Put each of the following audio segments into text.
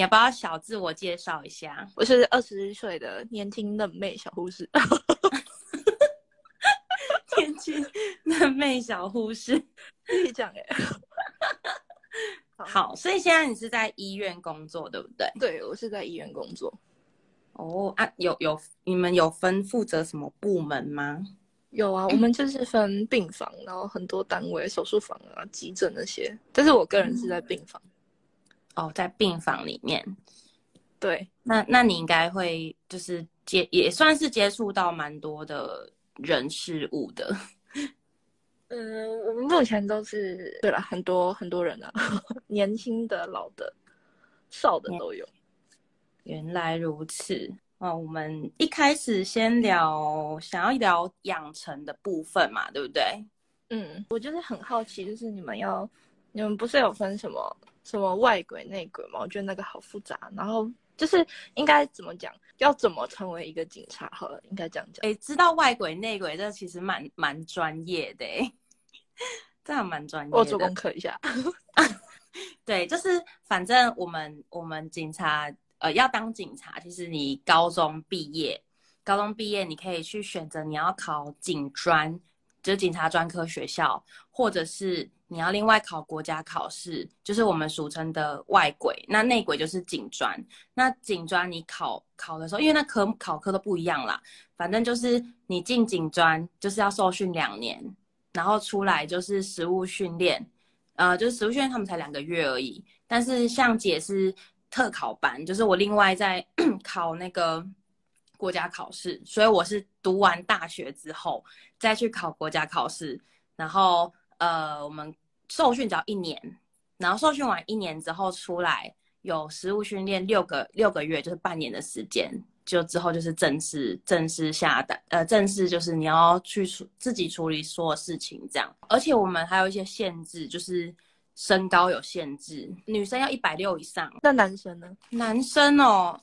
你要不要小自我介紹一下？我是二十歲的年輕嫩妹小護士， 年輕嫩妹小護士，哎、 欸，好，好。所以現在你是在醫院工作，對不對？對，我是在醫院工作。哦、oh, 啊，有有，你們有分負責什麼部門嗎？有啊，我們就是分病房，嗯、然後很多單位，手術房啊、急診那些。但是我個人是在病房。嗯哦，在病房裡面，對，那那你應該會就是接，也算是接觸到蠻多的人事物的。嗯，我們目前都是對了，很多很多人呢、啊， 年輕的、老的、少的都有。嗯、原來如此哦，我們一開始先聊、嗯、想要聊養成的部分嘛，對不對？嗯，我就是很好奇，就是你們要你們不是有分什麼？什麼外鬼內鬼嘛？我覺得那個好複雜。然後就是應該怎麼講，要怎麼成為一個警察？好了，應該講講。哎，知道外鬼內鬼，這其實蠻蠻專業的、欸。這還蠻專業的。我做功課一下。 對，就是反正我們我們警察，呃，要當警察，其實你高中畢業，高中畢業你可以去選擇你要考警專，就是警察專科學校，或者是。你要另外考國家考試，就是我們俗稱的外軌，那內軌就是警專。那警專你考考的時候，因為那科考科都不一樣啦，反正就是你進警專就是要受訓兩年，然後出來就是實務訓練，呃，就是實務訓練他們才兩個月而已。但是像姐是特考班，就是我另外在 考那個國家考試，所以我是讀完大學之後再去考國家考試，然後呃，我們。受訓只要一年，然後受訓完一年之後出來有實務訓練六個六個月，就是半年的時間，就之後就是正式正式下單，呃，正式就是你要去處自己處理所有事情這樣。而且我們還有一些限制，就是身高有限制，女生要一百六以上，那男生呢？男生哦，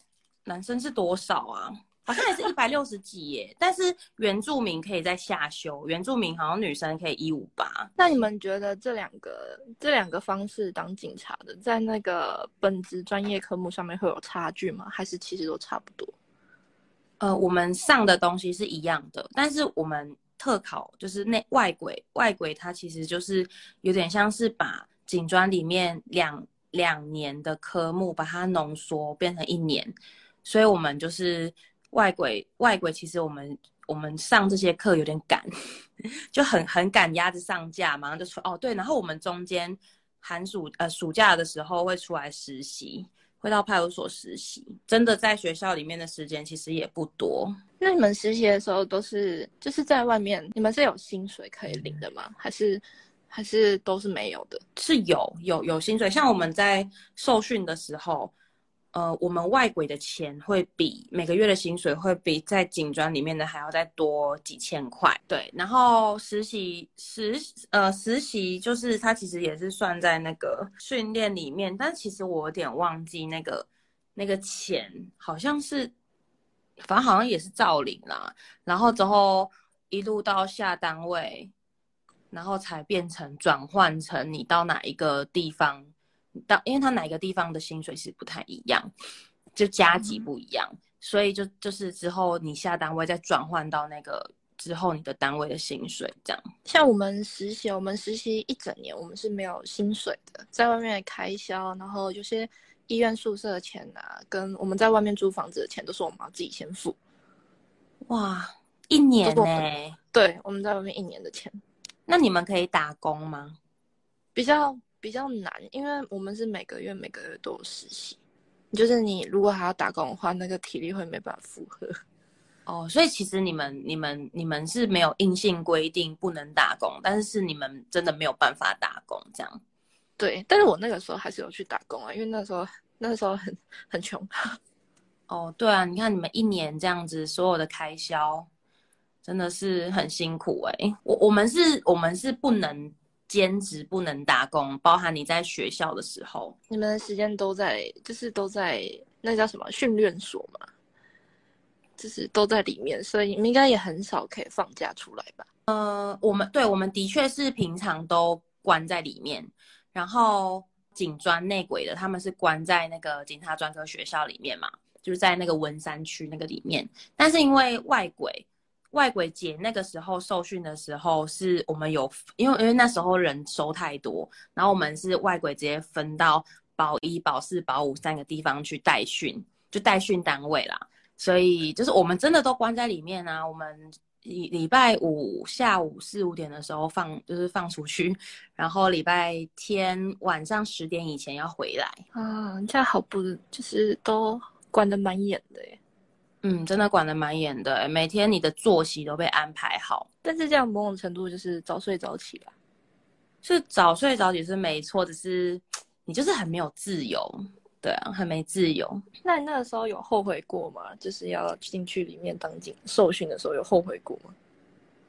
男生是多少啊？ 好像也是一百六十幾耶，但是原住民可以在下修。原住民好像女生可以一五八。那你們覺得這兩個這兩個方式當警察的，在那個本職專業科目上面會有差距嗎？還是其實都差不多？呃，我們上的東西是一樣的，但是我們特考就是內外軌，外軌它其實就是有點像是把警專裡面兩兩年的科目把它濃縮變成一年，所以我們就是。外鬼外鬼，其實我們我們上這些課有點趕，就很很趕，鴨子上架，馬上就出。哦對。然後我們中間寒暑呃暑假的時候會出來實習，會到派出所實習。真的在學校裡面的時間其實也不多，因為你們實習的時候都是就是在外面，你們是有薪水可以領的嗎？還是還是都是沒有的？是有有有薪水，像我們在受訓的時候。呃，我們外鬼的錢會比每個月的薪水會比在警專裡面的還要再多幾千塊，對。然後實習實呃實習就是他其實也是算在那個訓練裡面，但其實我有點忘記那個那個錢好像是，反正好像也是照領啦。然後之後一路到下單位，然後才變成轉換成你到哪一個地方。到，因為他哪一個地方的薪水是不太一樣，就加級不一樣，嗯、所以就就是之後你下單位再轉換到那個之後你的單位的薪水這樣。像我們實習，我們實習一整年，我們是沒有薪水的，在外面開銷，然後有些醫院宿舍的錢啊，跟我們在外面租房子的錢，都是我們要自己先付。哇，一年呢、欸。對，我們在外面一年的錢。那你們可以打工嗎？比較。比較難，因為我們是每個月每個月都有實習，就是你如果還要打工的話，那個體力會沒辦法負荷。哦，所以其實你們、你們、你們是沒有硬性規定不能打工，但是你們真的沒有辦法打工這樣。對，但是我那個時候還是有去打工啊、欸，因為那時候那時候很很窮。哦，對啊，你看你們一年這樣子所有的開銷，真的是很辛苦哎、欸。我我們是我們是不能。兼職不能打工，包含你在學校的時候，你們的時間都在，就是都在那叫什麼訓練所嘛，就是都在裡面，所以你們應該也很少可以放假出來吧？呃，我們對，我們的確是平常都關在裡面，然後警專內鬼的他們是關在那個警察專科學校裡面嘛，就是在那個文山區那個裡面，但是因為外鬼。外鬼節，那個時候受訓的時候，是我們有因為因為那時候人收太多，然後我們是外鬼直接分到保一、保四、保五三個地方去帶訓，就帶訓單位啦。所以就是我們真的都關在裡面啊。我們禮禮拜五下午四五點的時候放，就是放出去，然後禮拜天晚上十點以前要回來。啊，這樣好不，就是都管得蠻嚴的耶。嗯，真的管得蠻嚴的，每天你的作息都被安排好。但是這樣某種程度就是早睡早起吧？是早睡早起是沒錯，只是你就是很沒有自由，對啊，很沒自由。那你那個時候有後悔過嗎？就是要進去裡面當警受訓的時候有後悔過嗎？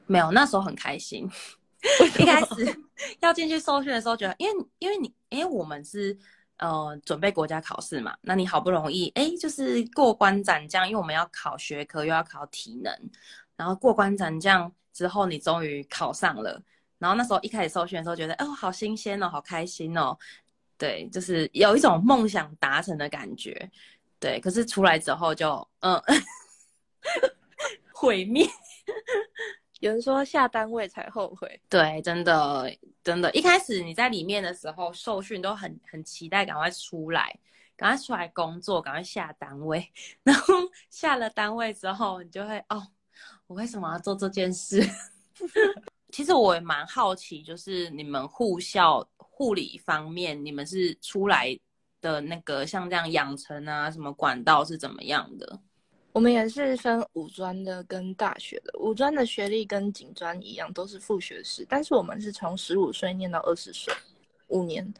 沒有，那時候很開心。 一開始要進去受訓的時候，覺得因為因為你，因為我們是。呃，準備國家考試嘛，那你好不容易，哎、欸，就是過關斬將，因為我們要考學科，又要考體能，然後過關斬將之後，你終於考上了，然後那時候一開始受訓的時候，覺得哦，欸、好新鮮哦，好開心哦，對，就是有一種夢想達成的感覺，對，可是出來之後就，嗯，毀滅。有人說下單位才後悔，對，真的真的，一開始你在裡面的時候受訓都很很期待，趕快出來，趕快出來工作，趕快下單位。然後下了單位之後，你就會哦，我為什麼要做這件事？ 其實我也蠻好奇，就是你們護校護理方面，你們是出來的那個像這樣養成啊，什麼管道是怎麼樣的？我們也是分五專的跟大學的，五專的學歷跟警專一樣，都是副學士，但是我們是從十五歲念到二十歲，五年。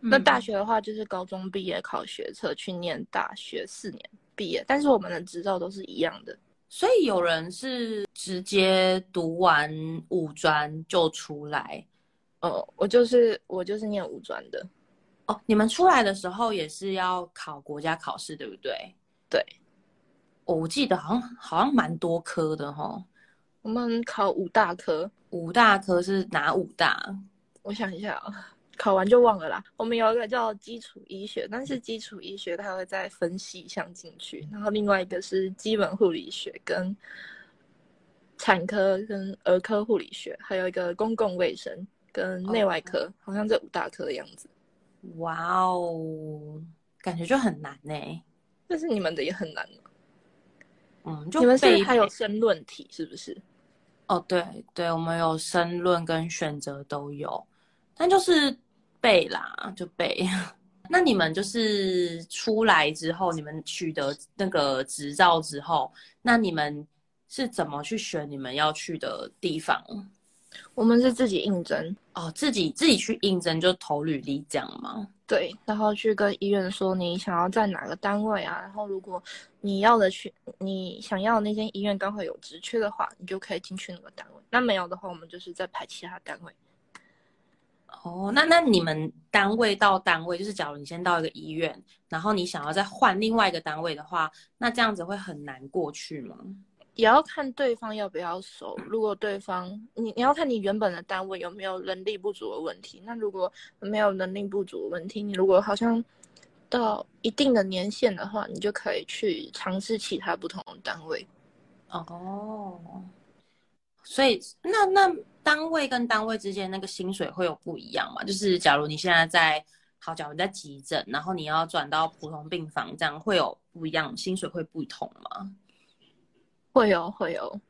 那大學的話就是高中畢業考學測去念大學四年畢業，但是我們的執照都是一樣的。所以有人是直接讀完五專就出來，哦，我就是我就是念五專的，哦，你們出來的時候也是要考國家考試，對不對？對。哦、我記得好像好像蠻多科的哈、哦，我們考五大科，五大科是哪五大？我想一下啊、哦，考完就忘了啦。我們有一個叫基礎醫學，但是基礎醫學它會再分細項進去，嗯、然後另外一個是基本護理學跟產科跟兒科護理學，還有一個公共衛生跟內外科，哦、好像這五大科的樣子。哇哦，感覺就很難呢、欸，但是你們的也很難。嗯，就你們是不是還有申論題？是不是？哦，對對，我們有申論跟選擇都有，但就是背啦，就背。 那你們就是出來之後，你們取得那個執照之後，那你們是怎麼去選你們要去的地方？我們是自己應徵哦，自己自己去應徵，就投履歷這樣嗎？對，然後去跟醫院說你想要在哪個單位啊？然後如果你要的去，你想要的那間醫院剛好有職缺的話，你就可以進去那個單位。那沒有的話，我們就是再排其他單位。哦，那那你們單位到單位，就是假如你先到一個醫院，然後你想要再換另外一個單位的話，那這樣子會很難過去嗎？也要看對方要不要收。如果對方，你你要看你原本的單位有沒有能力不足的問題。那如果沒有能力不足的問題，你如果好像到一定的年限的話，你就可以去嘗試其他不同的單位。哦，所以那那單位跟單位之間那個薪水會有不一樣嗎？就是假如你現在在，好，假如你在急診，然後你要轉到普通病房，這樣會有不一樣，薪水會不同嗎？會有、哦、會有、哦，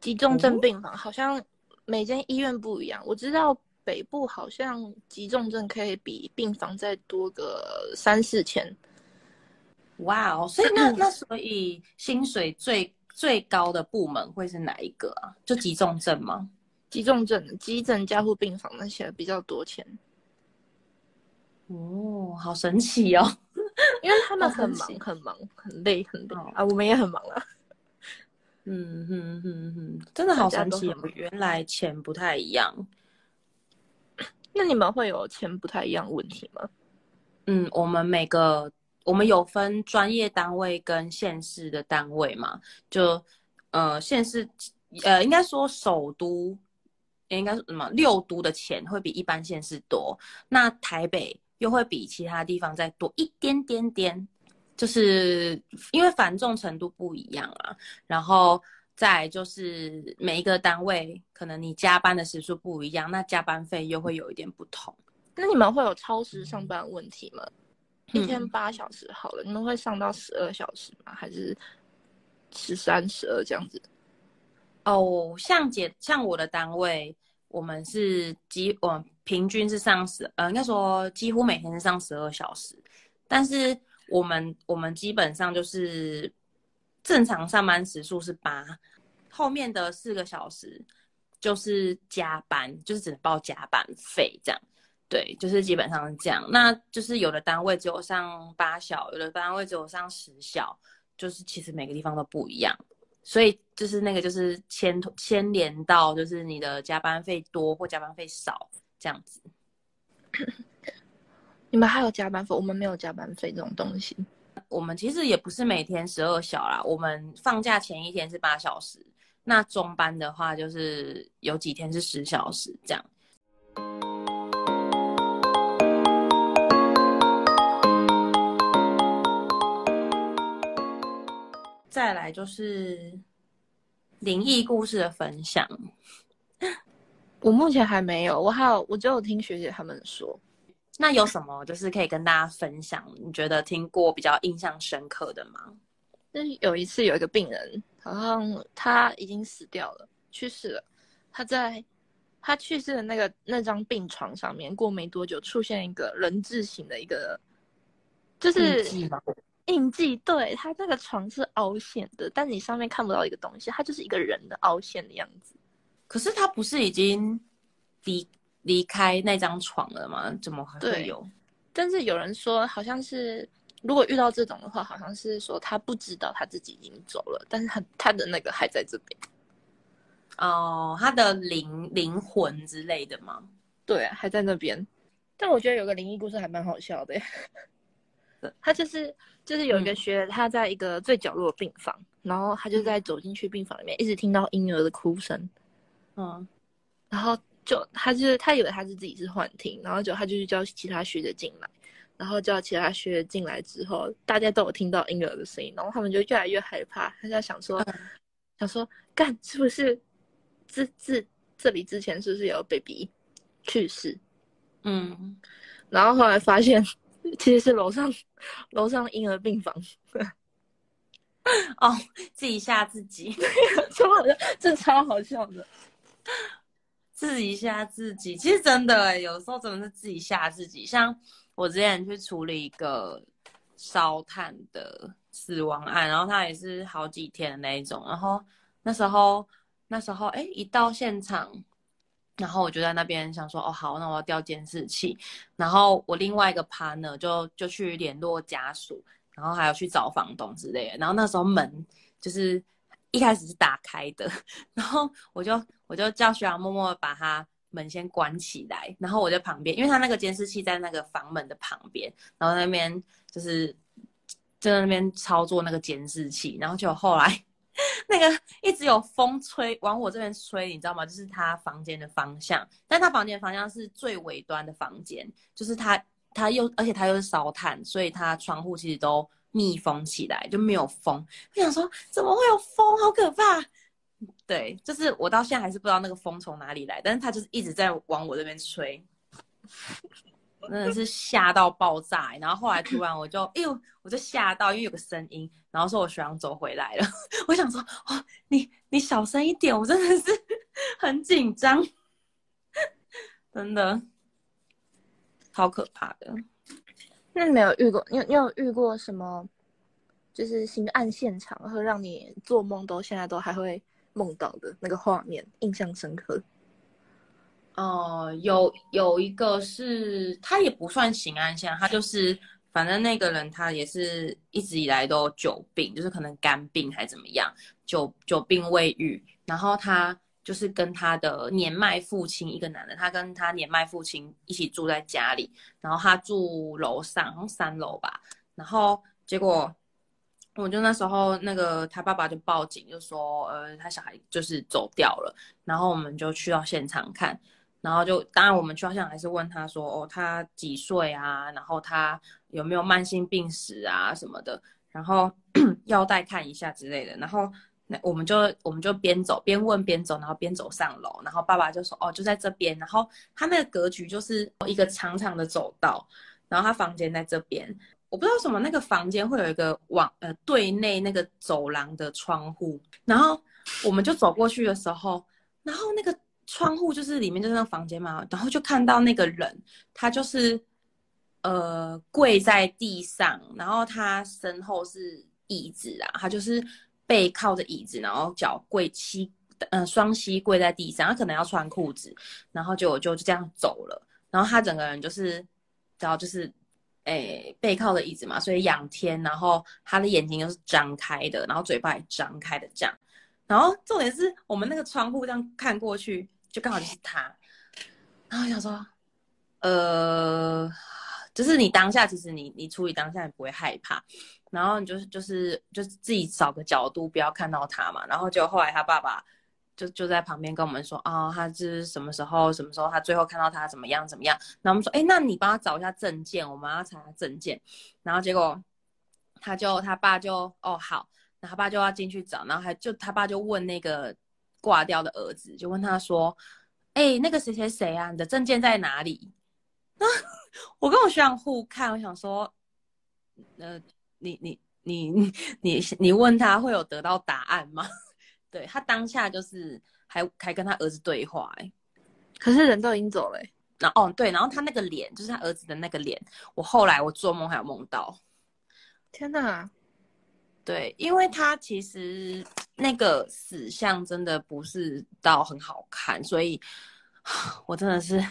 急重症病房、哦、好像每間醫院不一樣。我知道北部好像急重症可以比病房再多個三四千。哇哦！所以那是那所以薪水最最高的部門會是哪一個啊？就急重症嗎？急重症、急診加護病房那些比較多錢。哦，好神奇哦！ 因為他們很忙很忙很累很累，很累、哦、啊，我們也很忙啊。嗯哼哼哼，真的好神奇！原來錢不太一樣。那你們會有錢不太一樣問題嗎？嗯，我們每個我們有分專業單位跟縣市的單位嘛，就呃縣市呃，應該說首都應該說什麼六都的錢會比一般縣市多，那台北又會比其他地方再多一點點點點。就是因為繁重程度不一樣啊，然後再就是每一個單位，可能你加班的時數不一樣，那加班費又會有一點不同。那你們會有超時上班問題嗎？嗯、一天八小時好了，你們會上到十二小時嗎？還是十三、十二這樣子？哦，像姐，像我的單位，我們是幾，我、哦、平均是上十，呃，應該說幾乎每天是上十二小時，但是。我們我們基本上就是正常上班時數是八，後面的四個小時就是加班，就是只能報加班費這樣。對，就是基本上是這樣。那就是有的單位只有上八小，有的單位只有上十小，就是其實每個地方都不一樣。所以就是那個就是牽牽連到就是你的加班費多或加班費少這樣子。 你們還有加班費？我們沒有加班費這種東西。我們其實也不是每天十二小啦，我們放假前一天是八小時。那中班的話，就是有幾天是十小時這樣。再來就是靈異故事的分享。我目前還沒有，我還有，我只有聽學姐他們說。那有什麼就是可以跟大家分享？你覺得聽過比較印象深刻的嗎？嗯，有一次有一個病人，好像他已經死掉了，去世了。他在他去世的那個那張病床上面過沒多久，出現一個人字形的一個，就是印記，印記嗎？印記，對，他這個床是凹陷的，但你上面看不到一個東西，他就是一個人的凹陷的樣子。可是他不是已經離。離開那張床了嗎？怎麼還會有？但是有人說，好像是如果遇到這種的話，好像是說他不知道他自己已經走了，但是他他的那個還在這邊。哦，他的靈靈魂之類的嗎？對，還在那邊。但我覺得有個靈異故事還蠻好笑的。是 他就是就是有一個學，他在一個最角落的病房，嗯、然後他就在走進去病房裡面，嗯、一直聽到嬰兒的哭聲。嗯，然後。就他就是他以為他是自己是幻聽，然後就他就去叫其他學姐進來，然後叫其他學姐進來之後，大家都有聽到嬰兒的聲音，然後他們就越來越害怕，他就想說，嗯、想說幹是不是這這這裡之前是不是有 baby 去世？嗯，然後後來發現其實是樓上樓上嬰兒病房， 哦，自己嚇自己，對，真好笑，這超好笑的。自己嚇自己，其實真的、欸，有時候真的是自己嚇自己。像我之前去處理一個燒炭的死亡案，然後他也是好幾天的那一種。然後那時候，那時候，哎、欸，一到現場，然後我就在那邊想說，哦，好，那我要調監視器。然後我另外一個 partner 就就去聯絡家屬，然後還有去找房東之類的。然後那時候門就是一開始是打開的，然後我就。我就叫學長默默把他門先關起來，然後我在旁邊，因為他那個監視器在那個房門的旁邊，然後那邊就是就在那邊操作那個監視器，然後就後來那個一直有風吹往我這邊吹，你知道嗎？就是他房間的方向，但他房間的方向是最尾端的房間，就是他他又而且他又是燒炭，所以他窗戶其實都密封起來，就沒有風。我想說，怎麼會有風？好可怕！對，就是我到現在還是不知道那個風從哪裡來，但是他就是一直在往我這邊吹，真的是嚇到爆炸、欸。然後後來突然我就，哎、欸、呦，我就嚇到，因為有個聲音，然後說我學長走回來了。 我想說，哦，你你小聲一點，我真的是很緊張，真的，好可怕的。那你沒有遇過，你有你有遇過什麼，就是刑案現場，會讓你做夢都，現在都還會。夢到的那個畫面印象深刻？哦、呃，有有一個是，他也不算刑案，他就是反正那個人，他也是一直以來都久病，就是可能肝病還怎麼樣，久久病未癒。然後他就是跟他的年邁父親，一個男的，他跟他年邁父親一起住在家裡，然後他住樓上，好像三樓吧。然後結果。我就那時候，那個他爸爸就報警，就說，呃，他小孩就是走掉了。然後我們就去到現場看，然後就當然我們去到現場還是問他說，哦，他幾歲啊？然後他有沒有慢性病史啊什麼的？然後要 帶看一下之類的。然後那我們就我們就邊走邊問邊走，然後邊走上樓。然後爸爸就說，哦，就在這邊。然後他那個格局就是一個長長的走道，然後他房間在這邊。我不知道什麼那個房間會有一個往呃對內那個走廊的窗戶，然後我們就走過去的時候，然後那個窗戶就是裡面就是那房間嘛，然後就看到那個人他就是呃跪在地上，然後他身後是椅子啊，他就是背靠着椅子，然後腳跪膝嗯、呃、雙膝跪在地上，他可能要穿褲子，然後就我就就這樣走了，然後他整個人就是然後就是。哎、欸，背靠的椅子嘛，所以仰天，然後他的眼睛又是張開的，然後嘴巴也張開的這樣，然後重點是我們那個窗戶這樣看過去，就剛好就是他，然後我想說，呃，就是你當下其實你你處理當下，也不會害怕，然後你就是就是就是自己找個角度不要看到他嘛，然後就後來他爸爸。就就在旁邊跟我們說，哦，他是什麼時候，什麼時候，他最後看到他怎麼樣怎麼樣。然後我們說，哎、欸，那你幫他找一下證件，我們要查證件。然後結果，他就他爸就哦，好，那他爸就要進去找，然後還就他爸就問那個掛掉的兒子，就問他說，哎、欸，那個誰誰誰啊，你的證件在哪裡？那、啊、我跟我學長互看，我想說，呃，你你你你你，你問他會有得到答案嗎？對，他當下就是還還跟他兒子對話哎，可是人都已經走了欸，然後哦對，然後他那個臉就是他兒子的那個臉，我後來我做夢還有夢到，天哪，對，因為他其實那個死相真的不是到很好看，所以我真的是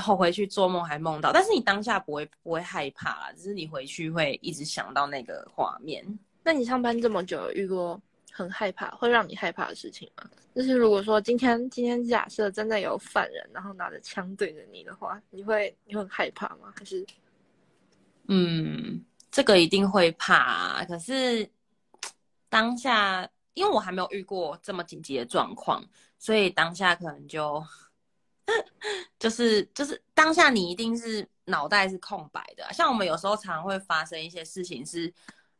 後回去做夢還夢到，但是你當下不會不會害怕，只是你回去會一直想到那個畫面。那你上班這麼久有遇過？很害怕，會讓你害怕的事情嗎？就是如果說今天，今天假設真的有犯人，然後拿着槍對着你的話，你會你會害怕嗎？還是，嗯，這個一定會怕啊，可是當下，因為我還沒有遇過這麼緊急的狀況，所以當下可能就就是就是當下你一定是腦袋是空白的啊。像我們有時候常常會發生一些事情，是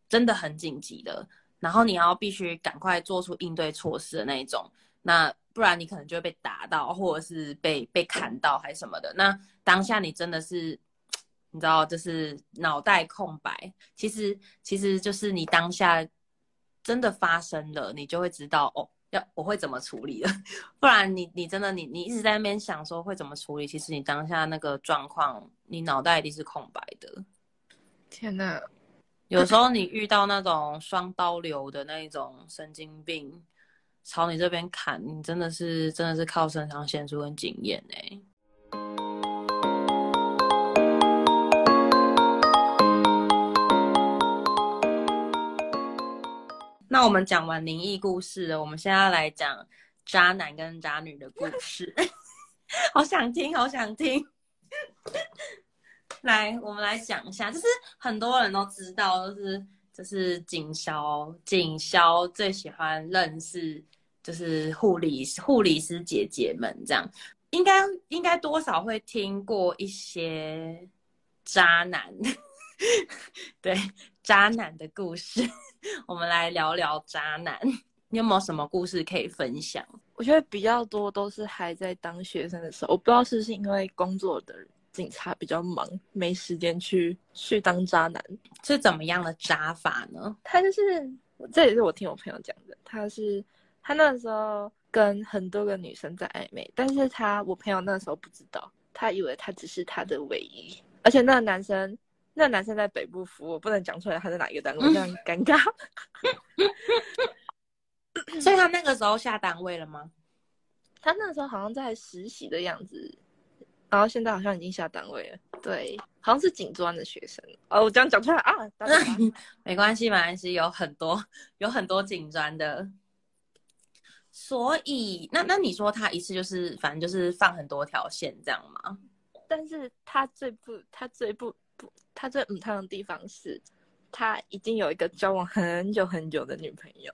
真的很緊急的。然後你要必須趕快做出應對措施的那一種，那不然你可能就會被打到，或者是被被砍到還是什麼的。那當下你真的是，你知道就是腦袋空白。其實其實就是你當下真的發生了，你就會知道哦，要我會怎麼處理了。 不然你你真的你你一直在那邊想說會怎麼處理，其實你當下那個狀況，你腦袋一定是空白的。天哪！有時候你遇到那種雙刀流的那一種神經病，朝你這邊砍，你真的是真的是靠身上顯出跟經驗哎。 那我們講完靈異故事了，我們現在要來講渣男跟渣女的故事， 好想聽，好想聽。 來，我們來講一下，就是很多人都知道，就是就是警校、警校最喜歡認識就是護理護理師姐姐們，這樣應該應該多少會聽過一些渣男， 對渣男的故事， 我們來聊聊渣男，你有沒有什麼故事可以分享？我覺得比較多都是還在當學生的時候，我不知道是不是因為工作的人。警察比較忙，沒時間去去當渣男。是怎麼樣的渣法呢？他就是，這也是我聽我朋友講的。他是他那時候跟很多個女生在曖昧，但是他我朋友那時候不知道，他以為他只是他的唯一。嗯、而且那個男生，那個男生在北部服，我不能講出來他在哪一個單位，嗯、這樣尷尬。 所以他那個時候下單位了嗎？他那時候好像在實習的樣子。然後、哦、現在好像已經下單位了，對，好像是警專的學生哦。我這樣講出來啊打打打 沒，沒關係，馬來西亞有很多有很多警專的。所以，那那你說他一次就是反正就是放很多條線這樣嗎？但是他最不他最不不他最不、嗯、燙的地方是，他已經有一個交往很久很久的女朋友。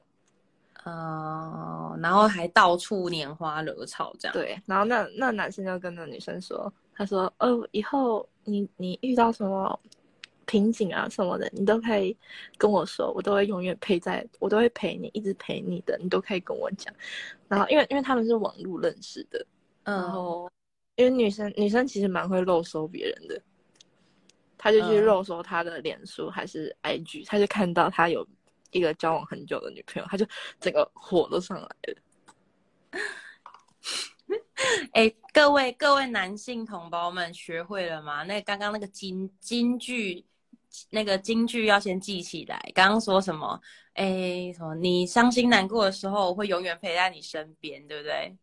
嗯，然後還到處拈花惹草這樣。對，然後那那男生就跟那女生說，他說：“哦，以後你你遇到什麼瓶頸啊什麼的，你都可以跟我說，我都會永遠陪在，我都會陪你一直陪你的，你都可以跟我講。”然後，因為因為他們是網絡認識的，嗯，然後因為女生女生其實蠻會肉搜別人的，他就去肉搜他的臉書還是 IG，他就看到他有。一個交往很久的女朋友，她就整個火都上來了。哎、 欸，各位各位男性同胞們，學會了嗎？那剛、個、剛那個金金句，那個金句要先記起來。剛剛說什麼？哎、欸，什麼？你傷心難過的時候，我會永遠陪在你身邊，對不對？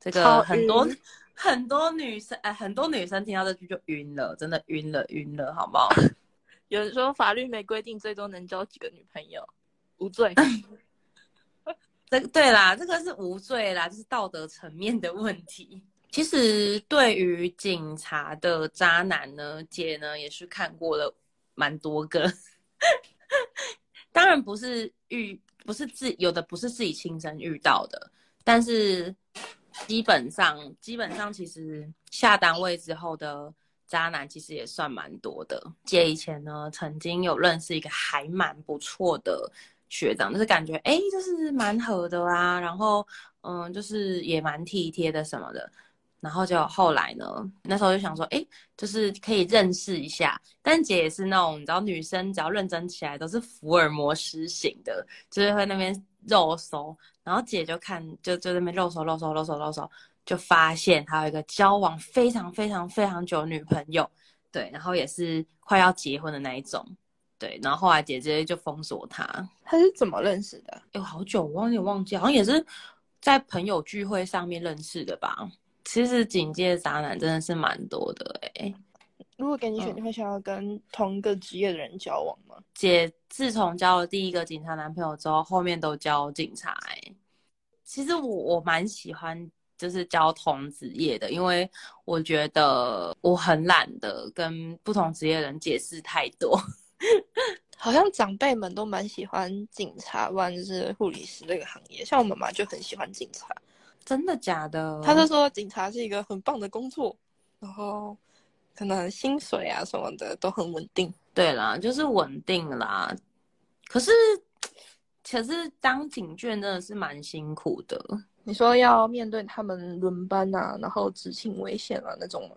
這個很多 很多女生，哎、欸，很多女生聽到這句就暈了，真的暈了暈了，好不好？ 有人說法律沒規定最多能交幾個女朋友。無罪， 這對啦，這個是無罪啦，這，就是道德層面的問題。 其實對於警察的渣男呢，姐呢也是看過了蠻多個， 當然不是遇不是自有的，不是自，不是自己親身遇到的，但是基本上基本上其實下單位之後的渣男其實也算蠻多的。姐以前呢曾經有認識一個還蠻不錯的。學長就是感覺哎、欸，就是蠻好的啊，然後嗯，就是也蠻體貼的什麼的，然後就後來呢，那時候就想說哎、欸，就是可以認識一下。但姐也是那種，你知道女生只要認真起來都是福爾摩斯型的，就是會那邊肉搜，然後姐就看就就那邊肉搜肉搜肉搜肉搜，就發現她有一個交往非常非常非常久女朋友，對，然後也是快要結婚的那一種。對，然後後來姐姐就封鎖他。他是怎麼認識的？有好久我有點忘記，好像也是在朋友聚會上面認識的吧。其實警界渣男真的是蠻多的哎、欸。如果給你選，嗯、你會想要跟同一個職業的人交往嗎？姐自從交了第一個警察男朋友之後，後面都交警察、欸。其實我我蠻喜歡就是交同職業的，因為我覺得我很懶得跟不同職業的人解釋太多。 好像長輩們都蠻喜歡警察，或者是護理師這個行業。像我媽媽就很喜歡警察。真的假的？她就說警察是一個很棒的工作，然後可能薪水啊什麼的都很穩定。對啦，就是穩定啦。可是，可是當警眷真的是蠻辛苦的。你說要面對他們輪班啊，然後執勤危險啊那種嗎？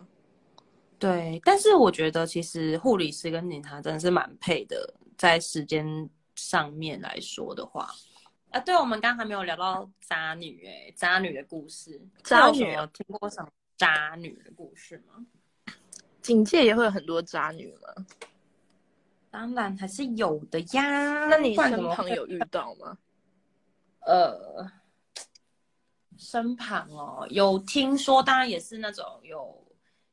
對，但是我覺得其實護理師跟警察真的是蠻配的，在時間上面來說的話，呃、對，我們剛才沒有聊到渣女哎、欸，渣女的故事，渣女有聽過什麼渣女的故事嗎？警界也會有很多渣女嗎？當然還是有的呀，那你身旁有遇到嗎？ 呃，身旁哦，有聽說，當然也是那種有。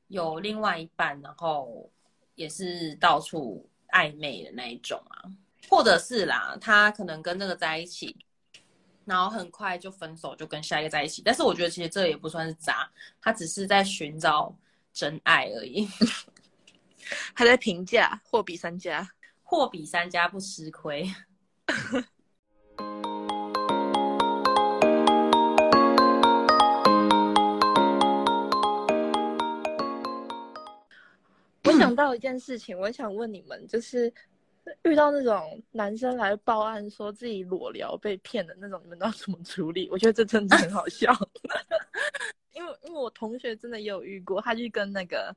有另外一半，然後也是到處曖昧的那一種啊，或者是啦，他可能跟這個在一起，然後很快就分手，就跟下一個在一起。但是我覺得其實這也不算是渣，他只是在尋找真愛而已。還在評價，貨比三家，貨比三家不吃虧。 嗯、想到一件事情，我想問你們，就是遇到那種男生來報案說自己裸聊被騙的那種，你們都要怎麼處理？我覺得這真的很好笑。啊、 因為因為我同學真的也有遇過，他去跟那個，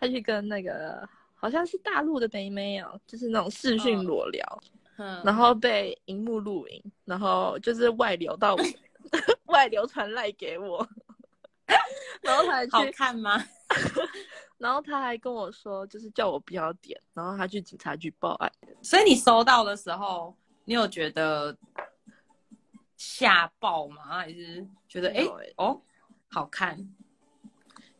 他去跟那個好像是大陸的妹妹、喔、啊，就是那種視訊裸聊，哦嗯、然後被熒幕錄影，然後就是外流到、嗯、 外流傳賴給我， 然後還去看嗎？ 然後他還跟我說，就是叫我不要點，然後他去警察局報案。所以你收到的時候，你有覺得嚇爆嗎？還是覺得哎有、欸、哦好看？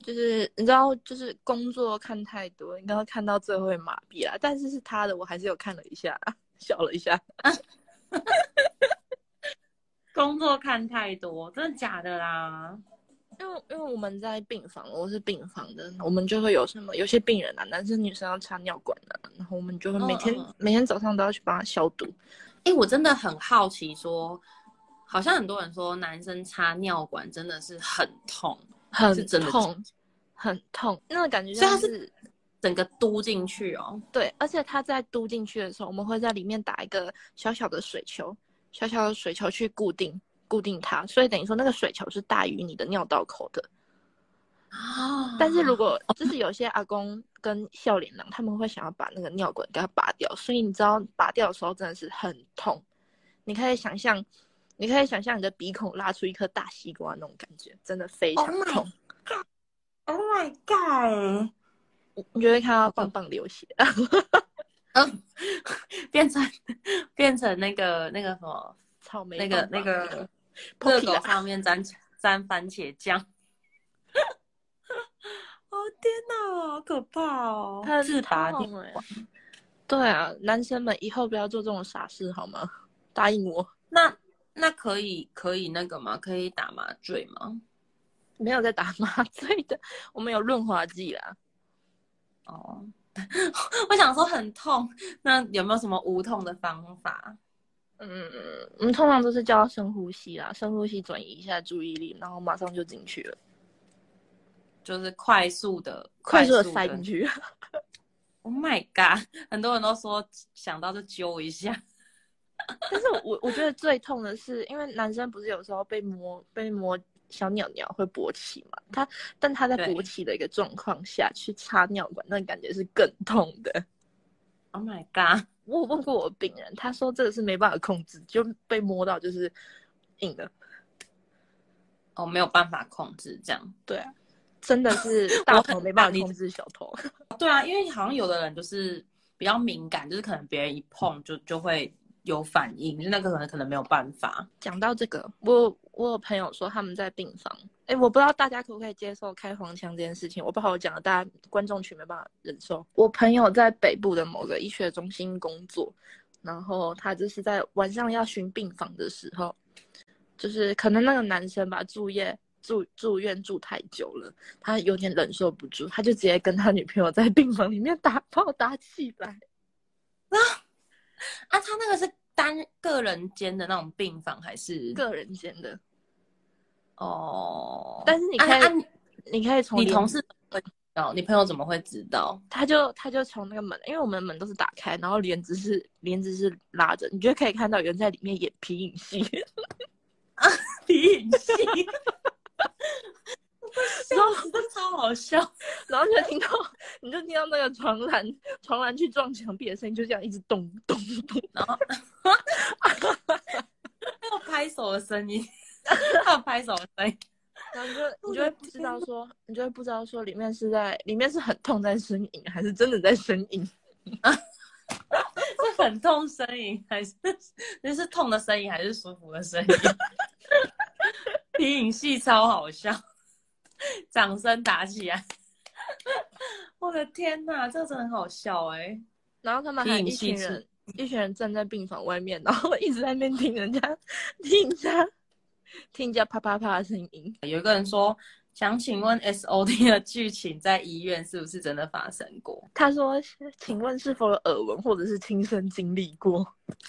就是你知道，就是工作看太多，你剛剛看到最後麻痹啦。但是是他的，我還是有看了一下，笑了一下。 工作看太多，真的假的啦？我們在病房，我是病房的，我們就會有什麼有些病人啊，男生女生要插尿管的，啊，然後我們就會每天嗯嗯每天早上都要去幫他消毒。哎、欸，我真的很好奇說，說好像很多人說男生插尿管真的是很痛，很痛，很痛，那種感覺就是，是整個嘟進去哦。對，而且他在嘟進去的時候，我們會在裡面打一個小小的水球，小小的水球去固定固定它，所以等於說那個水球是大於你的尿道口的。哦，但是如果就是有些阿公跟少年郎，他們會想要把那個尿管給它拔掉，所以你知道拔掉的時候真的是很痛，你可以想象你可以想象你的鼻孔拉出一顆大西瓜那種感覺，真的非常痛。Oh my god！Oh my god. 你就會看到棒棒流血，Okay. 變成變成那個那個什麼草莓梆梆梆，那個那個惡的上面沾沾番茄醬。天哪，好可怕哦！自打定位，對啊，男生們以後不要做這種傻事好嗎？答應我。那那可以可以那個嗎？可以打麻醉嗎？沒有在打麻醉的， 我們有潤滑劑啦。哦，oh. 我想說很痛。那有沒有什麼無痛的方法？嗯，我們通常都是叫深呼吸啦，深呼吸轉移一下注意力，然後馬上就進去了。就是快速的，嗯、快速的塞進去。 Oh my god！很多人都說想到就揪一下，但是我我覺得最痛的是，因為男生不是有時候被摸被摸小鳥鳥會勃起嘛？他，但他在勃起的一個狀況下去插尿管，對那感覺是更痛的。Oh my god！我有問過我病人，他說這個是沒辦法控制，就被摸到就是硬的，哦，oh, 沒有辦法控制這樣，對啊。真的是大頭沒辦法控制小頭，對啊，因為好像有的人就是比較敏感，就是可能別人一碰就就會有反應，那個可能可能沒有辦法。講到這個，我我有朋友說他們在病房，哎，我不知道大家可不可以接受開黃腔這件事情，我不好講，大家觀眾群沒辦法忍受。我朋友在北部的某個醫學中心工作，然後他就是在晚上要巡病房的時候，就是可能那個男生把住院。住住院住太久了，他有點忍受不住，他就直接跟他女朋友在病房裡面打炮打起來。啊啊！他那個是單個人間的那種病房還是個人間的？哦，但是你可以、啊啊、你，你可以從你同事哦，你朋友怎麼會知道？他就他就從那個門，因為我們門都是打開，然後簾子是簾子是拉着，你就可以看到有人在裡面演皮影戲、啊、皮影戲。 然後真超好笑，然後就 聽到，你就聽到那個床欄、床欄去撞牆壁的聲音，就這樣一直咚咚咚。然後， 還有拍手的聲音，還有拍手的聲音。然後你就的、啊、你就會不知道說，你就會不知道說，裡面是在，裡面是很痛在呻吟，還是真的在呻吟？ 是很痛呻吟，還是那、就是痛的呻吟還是舒服的呻吟？ 皮影戲超好笑，掌聲打起來！ 我的天哪，這個真的很好笑哎、欸！然後他們還一群人，一群人站在病房外面，然後一直在那邊聽人家聽人家聽人家啪啪啪的聲音。有一個人說。想請問 SOD 的劇情在醫院是不是真的發生過？他說，請問是否有耳聞或者是親身經歷過？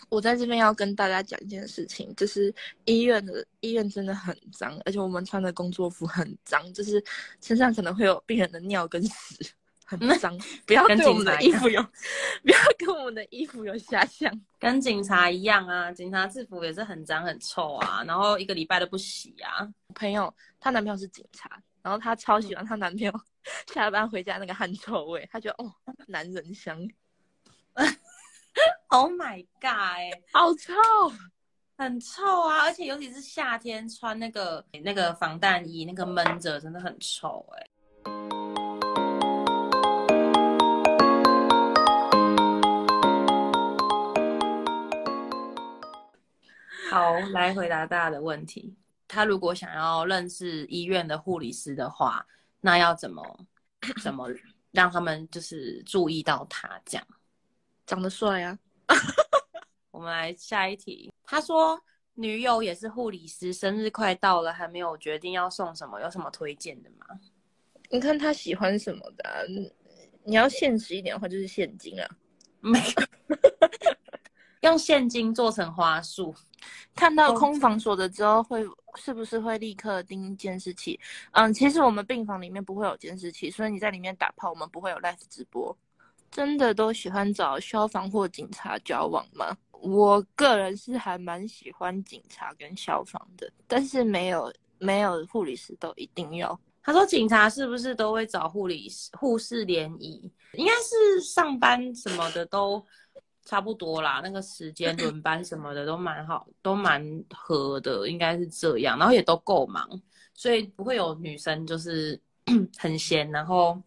我在這邊要跟大家講一件事情，就是醫院的，醫院真的很髒，而且我們穿的工作服很髒，就是身上可能會有病人的尿跟屎。很髒，嗯、不要對我們的衣服有，啊、不要跟我們的衣服有遐想。跟警察一樣啊，警察制服也是很髒很臭啊，然後一個禮拜都不洗啊。朋友，她男朋友是警察，然後她超喜歡她男朋友，嗯、 下班回家那個汗臭味，她覺得哦，男人香。Oh my god，哎，好臭，很臭啊！而且尤其是夏天穿那個那個防彈衣，那個悶着真的很臭，欸，哎。好，來回答大家的問題。他如果想要認識醫院的護理師的話，那要怎麼怎麼讓他們就是注意到他這樣？長得帥啊！ 我們來下一題。他說，女友也是護理師，生日快到了，還沒有決定要送什麼，有什麼推薦的嗎？你看他喜歡什麼的啊？你要現實一點的話，就是現金啊。沒有。用現金做成花束。看到空房鎖的，之後會是不是會立刻盯監視器？嗯，其實我們病房裡面不會有監視器，所以你在裡面打炮，我們不會有 live 直播。真的都喜歡找消防或警察交往嗎？我個人是還蠻喜歡警察跟消防的，但是沒有，沒有護理師都一定要。他說，警察是不是都會找護理護士聯誼？應該是上班什麼的都。差不多啦，那個時間輪班什麼的都蠻好， 都蠻合的，應該是這樣。然後也都夠忙，所以不會有女生就是 很閒，然後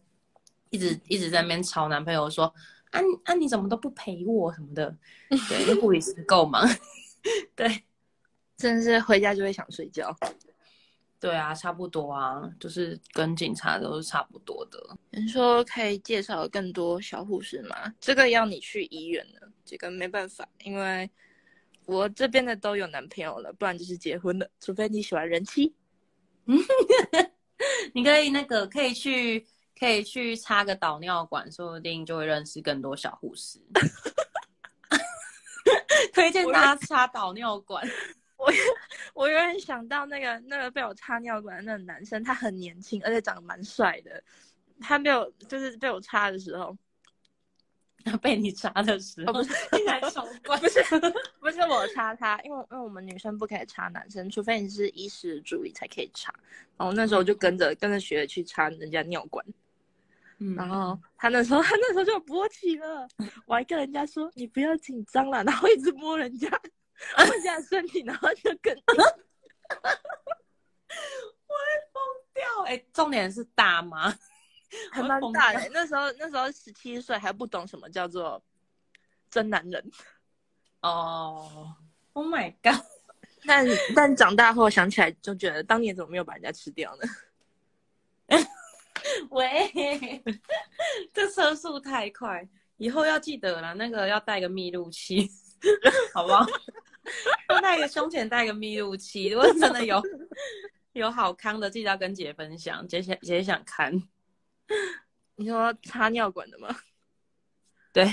一直一直在那邊吵男朋友說啊，啊你怎麼都不陪我什麼的，對，護理師夠忙， 對，真是回家就會想睡覺。對啊，差不多啊，就是跟警察都是差不多的。你說可以介紹更多小護士嗎？這個要你去醫院的。這個沒辦法，因為我這邊的都有男朋友了，不然就是結婚的，除非你喜歡人妻。 你可以那個可以去可以去插個導尿管，說不定就會認識更多小護士。 推薦大家插導尿管。我我有點想到那個那個被我插尿管的那個男生，他很年輕，而且長得蠻帥的。他沒有就是被我插的時候。被你插的時候，哦、不是，一男管，不是，我插他，因為因為我們女生不可以插男生，除非你是衣食主義才可以插。然後那時候就跟着跟着學去插人家尿管，嗯、然後他那，他那時候他那時候就勃起了，我還跟人家說，你不要緊張了，然後一直摸人家摸人家身體，然後就跟，啊、 我瘋瘋掉，哎，重點是大嗎？ 還蠻大的，欸、那時候那時候十七歲還不懂什麼叫做真男人哦 oh.，Oh my god！但但長大後想起來就覺得，當年怎麼沒有把人家吃掉呢？喂，這車速太快，以後要記得了，那個要帶個密錄器，好不好？帶 個胸前帶個密錄器，如果真的有有好康的，記得要跟姐分享，姐想姐想看。你說插尿管的嗎？對，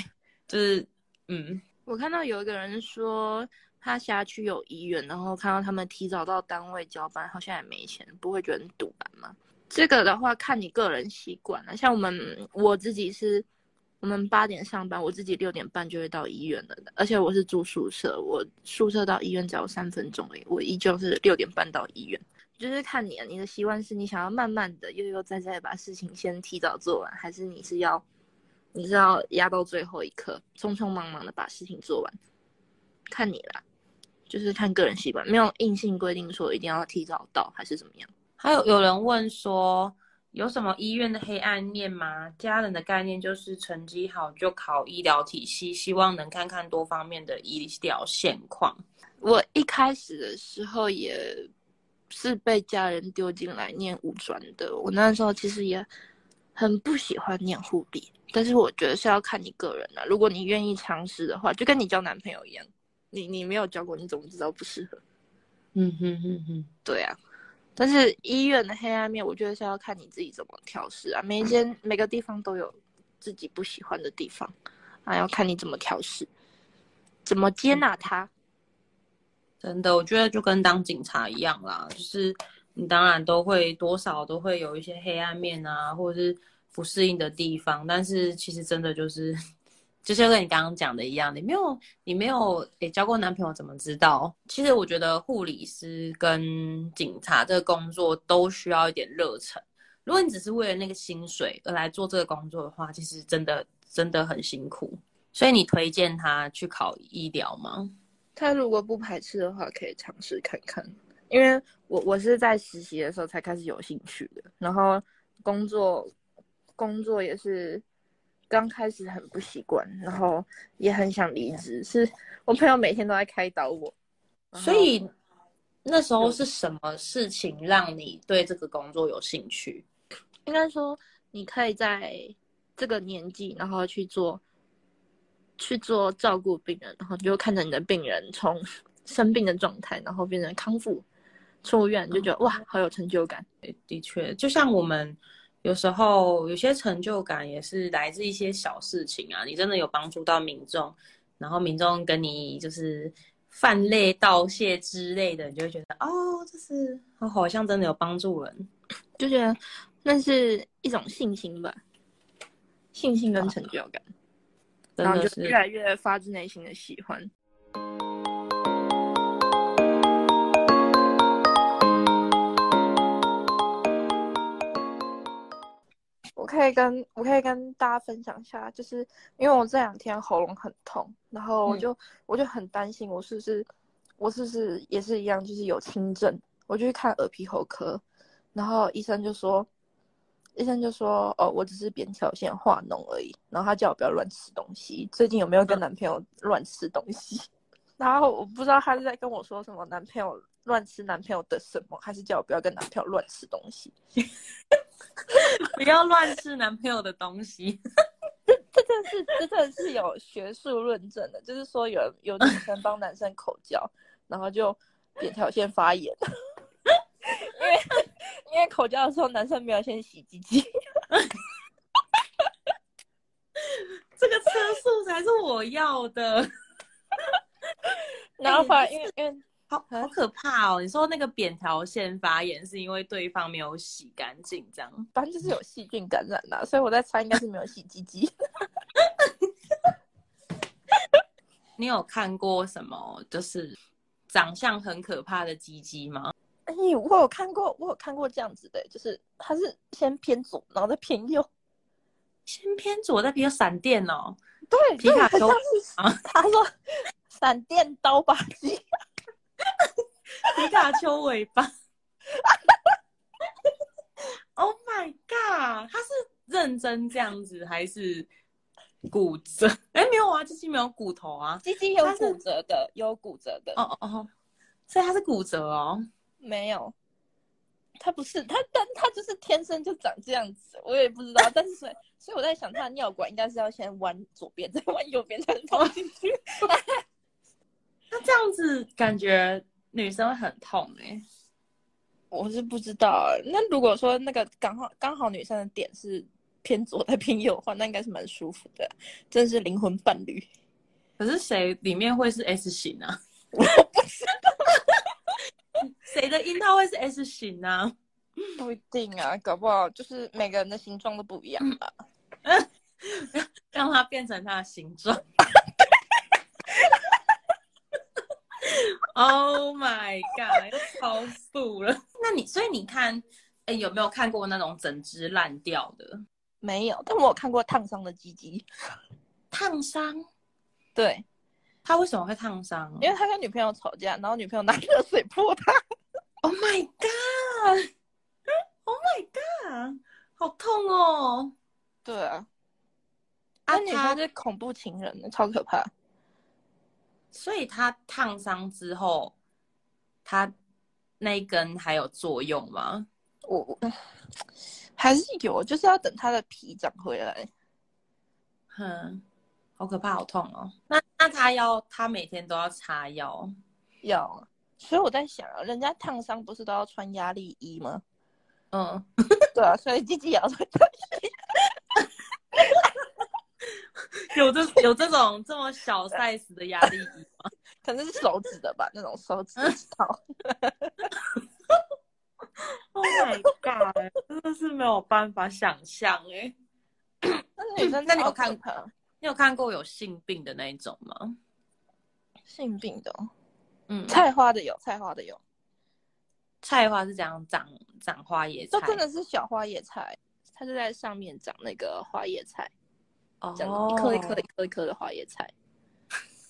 就是嗯，我看到有一個人說他轄區有醫院，然後看到他們提早到單位交班，好像也沒錢，不會覺得很堵嗎？這個的話看你個人習慣了，像我們我自己是，我們八點上班，我自己六點半就會到醫院了的，而且我是住宿舍，我宿舍到醫院只要三分鐘而已，我依舊是六點半到醫院。就是看你了，你的習慣是你想要慢慢的、悠悠哉哉把事情先提早做完，還是你是要，你是要壓到最後一刻，匆匆忙忙的把事情做完？看你啦啊，就是看個人習慣，沒有硬性規定說一定要提早到，還是怎麼樣。還有有人問說，有什麼醫院的黑暗面嗎？家人的概念就是成績好就考醫療體系，希望能看看多方面的醫療現況。我一開始的時候也。是被家人丟進來念五專的，我那時候其實也很不喜歡念護理，但是我覺得是要看你個人的、啊，如果你願意嘗試的話，就跟你交男朋友一樣，你你沒有交過，你怎麼知道不適合？嗯哼哼哼，對啊，但是醫院的黑暗面，我覺得是要看你自己怎麼調試啊，每一間、嗯、每個地方都有自己不喜歡的地方，還、啊、要看你怎麼調試，怎麼接納它。嗯真的，我覺得就跟當警察一樣啦，就是你當然都會多少都會有一些黑暗面啊，或者是不適應的地方，但是其實真的就是，就是跟你剛剛講的一樣，你沒有，你沒有也、欸、交過男朋友，怎麼知道？其實我覺得護理師跟警察這個工作都需要一點熱忱，如果你只是為了那個薪水而來做這個工作的話，其實真的真的很辛苦。所以你推薦他去考醫療嗎？他如果不排斥的話，可以嘗試看看。因為我我是在實習的時候才開始有興趣的，然後工作工作也是剛開始很不習慣，然後也很想離職。是我朋友每天都在開導我，所以對那時候是什麼事情讓你對這個工作有興趣？應該說，你可以在這個年紀，然後去做。去做照顧病人，然後就看着你的病人從生病的狀態，然後變成康復出院，就覺得、嗯、哇，好有成就感。的確，就像我們有時候有些成就感，也是來自一些小事情啊。你真的有幫助到民眾，然後民眾跟你就是泛淚道謝之類的，你就會覺得哦，這是、哦、好像真的有幫助人，就覺得那是一種信心吧，信心跟成就感。然後就越來越發自內心的喜歡。我可以跟我可以跟大家分享一下，就是因為我這兩天喉嚨很痛，然後我就、嗯、我就很擔心，我是不是我是不是也是一樣，就是有輕症，我就去看耳鼻喉科，然後醫生就說。醫生就說：“哦，我只是扁桃腺化膿而已。”然後他叫我不要亂吃東西。最近有沒有跟男朋友亂吃東西？嗯、 然後我不知道他是在跟我說什麼。男朋友亂吃，男朋友的什麼？還是叫我不要跟男朋友亂吃東西？不要亂吃男朋友的東西。這這真是這是有學術論證的， 就是說有有女生幫男生口交， 然後就扁桃腺發炎。因為口交的時候，男生沒有先洗雞雞。這個車速才是我要的。 哎、然後反而、哎、因為因為好好可怕哦！你說那個扁桃腺發炎，是因為對方沒有洗乾淨，這樣反正就是有細菌感染啦、啊。所以我在猜，應該是沒有洗雞雞。你有看過什麼就是長相很可怕的雞雞嗎？哎，我有看過，我有看過這樣子的，就是他是先偏左，然後再偏右，先偏左再偏右，閃電哦、喔，對，皮卡丘啊，嗯、他說閃電刀把機， 皮卡丘尾巴 ，Oh my God，他是認真這樣子還是骨折？哎、欸，沒有啊，雞雞沒有骨頭啊，雞雞有骨折的，是有骨折的，哦哦哦，所以他是骨折哦、喔。沒有，他不是他，但他就是天生就長這樣子，我也不知道。 但是所以，所以我在想，他的尿管應該是要先彎左邊，再彎右邊，才能放進去。那 這樣子感覺女生會很痛哎、欸，我是不知道。那如果說那個剛好剛好女生的點是偏左再偏右話，那應該是蠻舒服的，真是靈魂伴侶。可是誰裡面會是 S 型呢、啊？我不知道。誰的櫻桃會是 S 型呢、啊？不一定啊，搞不好就是每個人的形狀都不一樣吧。 讓它變成它的形狀。 Oh my god！又超速了。 那你所以你看，哎、欸，有沒有看過那種整隻爛掉的？沒有，但我有看過燙傷的雞雞。燙傷？對。他為什麼會燙傷？因為他跟女朋友吵架，然後女朋友拿熱水潑他。Oh my god！Oh my god！好痛哦。對啊，啊他，他還是恐怖情人呢，超可怕。所以他燙傷之後，他那一根還有作用嗎？我、哦，還是有，就是要等他的皮長回來。哼，好可怕，好痛哦。那那他要他每天都要擦藥？藥。所以我在想啊，人家燙傷不是都要穿壓力衣嗎？嗯，對啊，所以雞雞也要穿壓力衣。有這有這種這麼小 size 的壓力衣嗎？可能是手指的吧，那種手指套。嗯、 Oh my god！真的是沒有辦法想象哎、欸。 那是女生， 那你有看過？你有看過有性病的那一種嗎？性病的、哦。嗯，菜花的有，菜花的有。菜花是這樣長？長花椰菜？那真的是小花椰菜，它就在上面長那個花椰菜。哦，oh. 一顆一顆一顆一顆的花椰菜。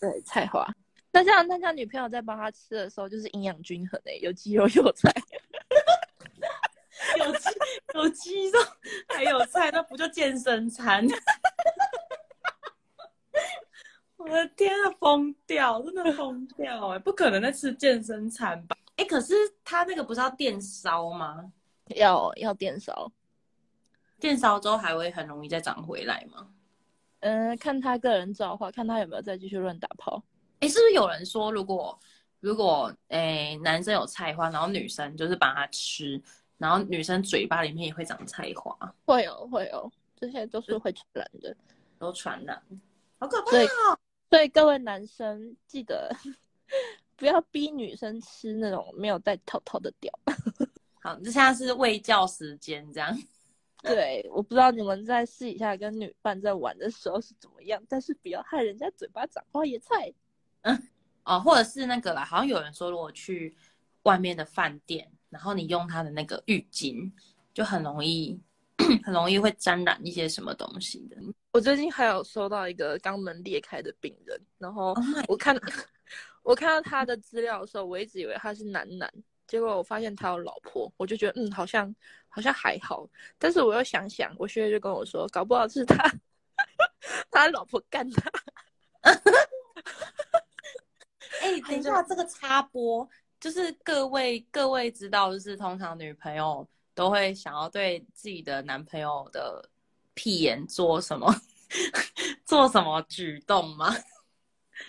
對，菜花。那這樣，那這女朋友在幫他吃的時候，就是營養均衡的、欸，有雞肉有菜， 有雞有雞肉還有菜，那不就健身餐？我的天啊，瘋掉！真的瘋掉哎、欸，不可能在吃健身餐吧？哎、欸，可是他那個不是要電燒嗎？要要電燒，電燒之後還會很容易再長回來嗎？嗯，看他個人造化，看他有沒有再繼續亂打炮。哎、欸，是不是有人說如果，如果如果哎男生有菜花，然後女生就是把它吃，然後女生嘴巴裡面也會長菜花？會哦，會哦，這些都是會傳染的，都傳染，好可怕哦。所以各位男生記得不要逼女生吃那種沒有帶套套的屌。好，這現在是衛教時間這樣。對，我不知道你們在私底下跟女伴在玩的時候是怎麼樣，但是不要害人家嘴巴長花椰菜。嗯，哦，或者是那個啦，好像有人說如果去外面的飯店，然後你用他的那個浴巾，就很容易，很容易會沾染一些什麼東西的。我最近還有收到一個肛門裂開的病人，然後我看、oh、 我看到他的資料的時候，我一直以為他是男男，結果我發現他有老婆，我就覺得嗯，好像好像還好，但是我又想想，我學姐就跟我說，搞不好是他 他老婆幹他。哎，等一下這個插播，就是各位各位知道，就是通常女朋友都會想要對自己的男朋友的。屁眼做什麼？做什麼舉動嗎？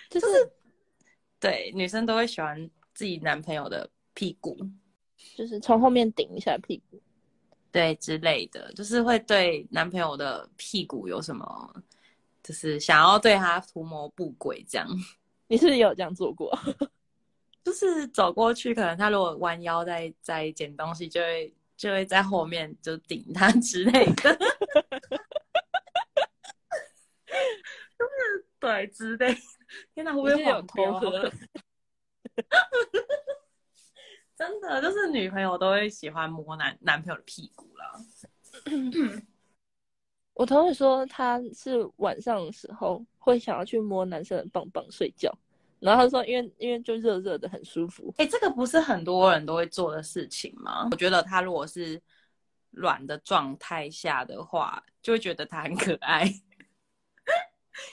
就是就是對女生都會喜歡自己男朋友的屁股，就是從後面頂一下屁股，對之類的，就是會對男朋友的屁股有什麼，就是想要對他圖謀不軌這樣。你是不是也有這樣做過？就是走過去，可能他如果彎腰在在撿東西，就會就會在後面就頂他之類的。 水之類， 天哪，會不會很偷 真的，就是女朋友都會喜歡摸男男朋友的屁股啦。我同事說，他是晚上的時候會想要去摸男生的棒棒睡覺，然後他說因，因為因為就熱熱的很舒服。哎、欸，這個不是很多人都會做的事情嗎？我覺得他如果是軟的狀態下的話，就會覺得他很可愛。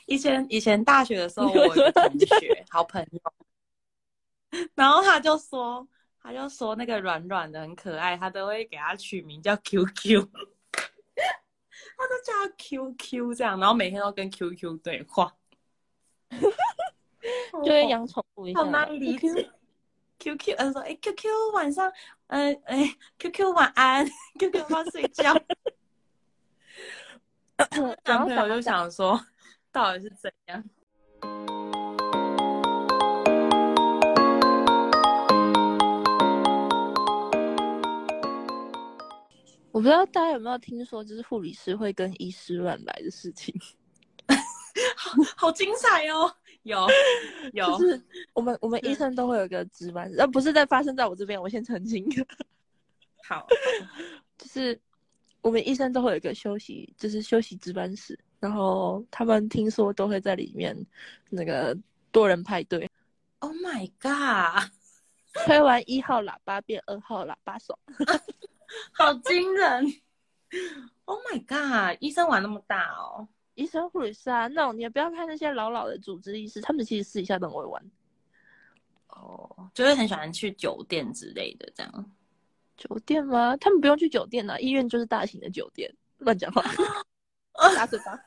以前以前大學的時候，我有一個同學 好朋友，然後他就說，他就說那個軟軟的很可愛，他都會給他取名叫 QQ， 他都叫他 QQ 這樣，然後每天都跟 QQ 對話， 後就跟養寵物一樣，好媽咪 q QQ，嗯，q q, 呃、說哎、欸、，QQ 晚上，嗯、呃，哎、欸、，QQ 晚安，QQ 快睡覺。男 朋友就想說。 到底是怎樣？我不知道大家有沒有聽說，就是護理師會跟醫師亂來的事情， 好好精彩哦！有 有，有就是我們我們醫生都會有個值班室，是，後、啊、不是在發生在我這邊，我先澄清一下。 好， 就是我們醫生都會有一個休息，就是休息值班室。然後他們聽說都會在裡面那個多人派對。Oh my god！吹完一號喇叭變二號喇叭手， 好驚人！Oh my god！醫生玩那麼大哦？醫生護士啊，那、no, 你也不要看那些老老的主治醫師，他們其實私底下都很會玩。哦、oh,，就是很喜歡去酒店之類的這樣。酒店嗎？他們不用去酒店啊，醫院就是大型的酒店。亂講話，啊！Oh. 大嘴巴。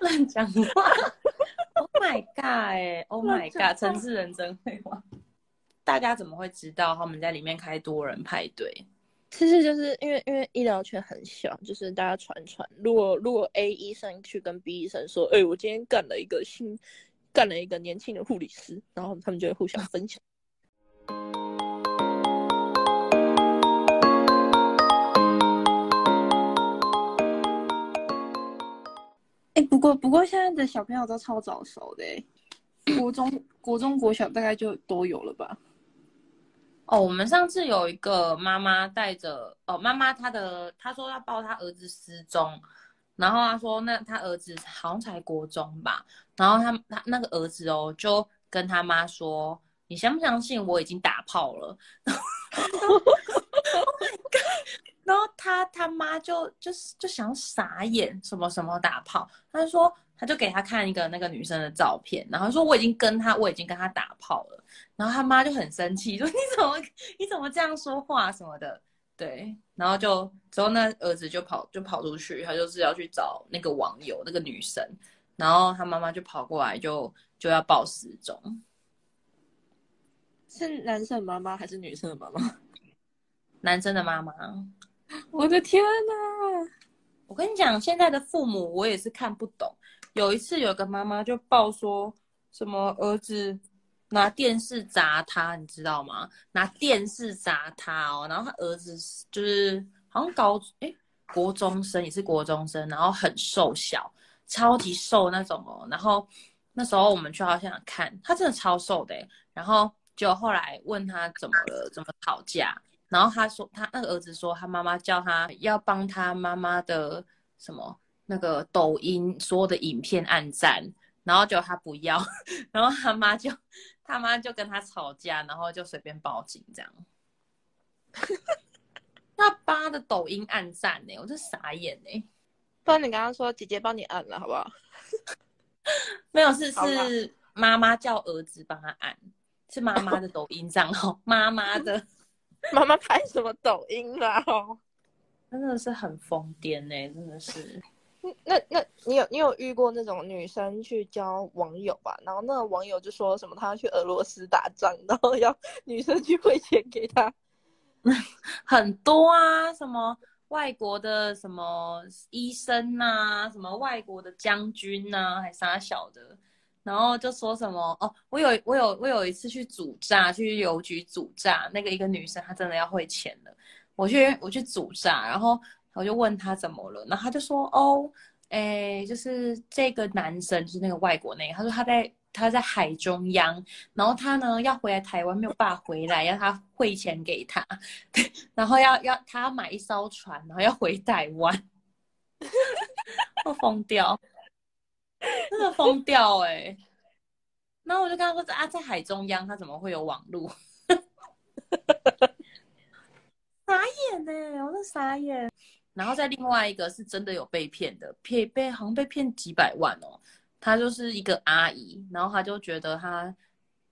亂講 講話 ！Oh my god！Oh my god！城市人真會玩。大家怎麼會知道他們在裡面開多人派對？其實就是因為因為醫療圈很小，就是大家傳傳。如果如果 A 醫生去跟 B 醫生說：“哎、欸，我今天幹了一個新，幹了一個年輕的護理師。”然後他們就會互相分享。 哎、欸，不過不過現在的小朋友都超早熟的、欸，國中國中國小大概就都有了吧。哦，我們上次有一個媽媽帶着，哦，媽媽她的她說要報她兒子失蹤，然後她說那她兒子好像才國中吧，然後她她那個兒子哦就跟他媽說，你相不相信我已經打炮了、 oh 然後他他媽就就是就想傻眼，什麼什麼打炮？他就說他就給他看一個那個女生的照片，然後說我已經跟他我已經跟他打炮了，然後他媽就很生氣說你怎麼你怎麼這樣說話什麼的，對，然後就之後那兒子就跑就跑出去，他就是要去找那個網友那個女生，然後他媽媽就跑過來就就要報失蹤，是男生的媽媽還是女生的媽媽？男生的媽媽。我的天吶、啊！我跟你講，現在的父母我也是看不懂。有一次，有個媽媽就報說，什麼兒子拿電視砸他，你知道嗎？拿電視砸他哦。然後他兒子就是好像高，誒，國中生也是國中生，然後很瘦小，超級瘦那種哦。然後那時候我們就好像看他，真的超瘦的、哎。然後就後來問他怎麼了，怎麼吵架？然後他說，他那個兒子說，他媽媽叫他要幫他媽媽的什麼那個抖音所有的影片按讚，然後結果他不要，然後他媽就他媽就跟他吵架，然後就隨便報警這樣。 他爸的抖音按讚呢、欸，我真傻眼呢、欸。不然你剛剛說姐姐幫你按了好不好？ 沒有，是是媽媽叫兒子幫他按，是媽媽的抖音賬號、哦， 媽媽的。 媽媽拍什麼抖音啦？啊？哦，真的是很瘋癲呢，真的是。 那那，那你有你有遇過那種女生去交網友吧？然後那個網友就說什麼她要去俄羅斯打仗，然後要女生去匯錢給她。 很多啊，什麼外國的什麼醫生吶，啊，什麼外國的將軍吶，啊，還啥小的。然後就說什麼哦，我有我有我有一次去阻詐，去郵局阻詐，那個一個女生她真的要匯錢了，我去我去阻詐，然後我就問她怎麼了，然後她就說哦，哎，就是這個男生就是那個外國那個，他說他在他在海中央，然後他呢要回來台灣，沒有辦法回來，要他匯錢給他，對，然後要要他要買一艘船，然後要回台灣， 我瘋掉。 真的瘋掉欸！然後我就跟他說：“啊，在海中央，他怎麼會有網路？” 傻眼欸，我都傻眼。然後在另外一個是真的有被騙的，騙被，被好像被騙幾百萬喔。他就是一個阿姨，然後他就覺得他。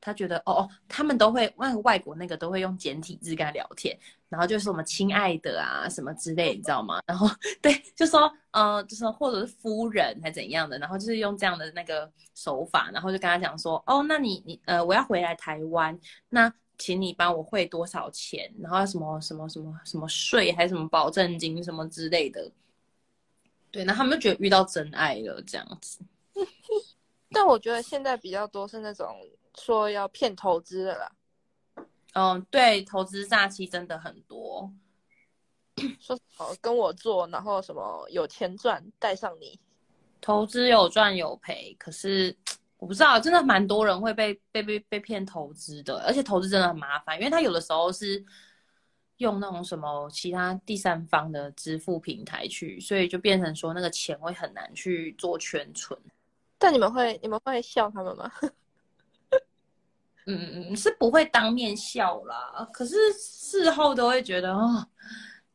他覺得哦哦，他們都會那個外國那個都會用簡體字跟他聊天，然後就是什麼親愛的啊什麼之類，你知道嗎？然後對，就說呃，就是或者是夫人還怎樣的，然後就是用這樣的那個手法，然後就跟他講說哦，那你你呃，我要回來台灣，那請你幫我匯多少錢，然後要什麼什麼什麼什麼稅還是什麼保證金什麼之類的，對，然後他們就覺得遇到真愛了這樣子。但我覺得現在比較多是那種。說要騙投資的啦，嗯，對，投資詐欺真的很多，說好跟我做，然後什麼有錢賺，帶上你。投資有賺有賠，可是我不知道，真的蠻多人會被被被被騙投資的，而且投資真的很麻煩，因為他有的時候是用那種什麼其他第三方的支付平台去，所以就變成說那個錢會很難去做全存。但你們會你們會笑他們嗎？嗯，是不會當面笑啦，可是事後都會覺得哦，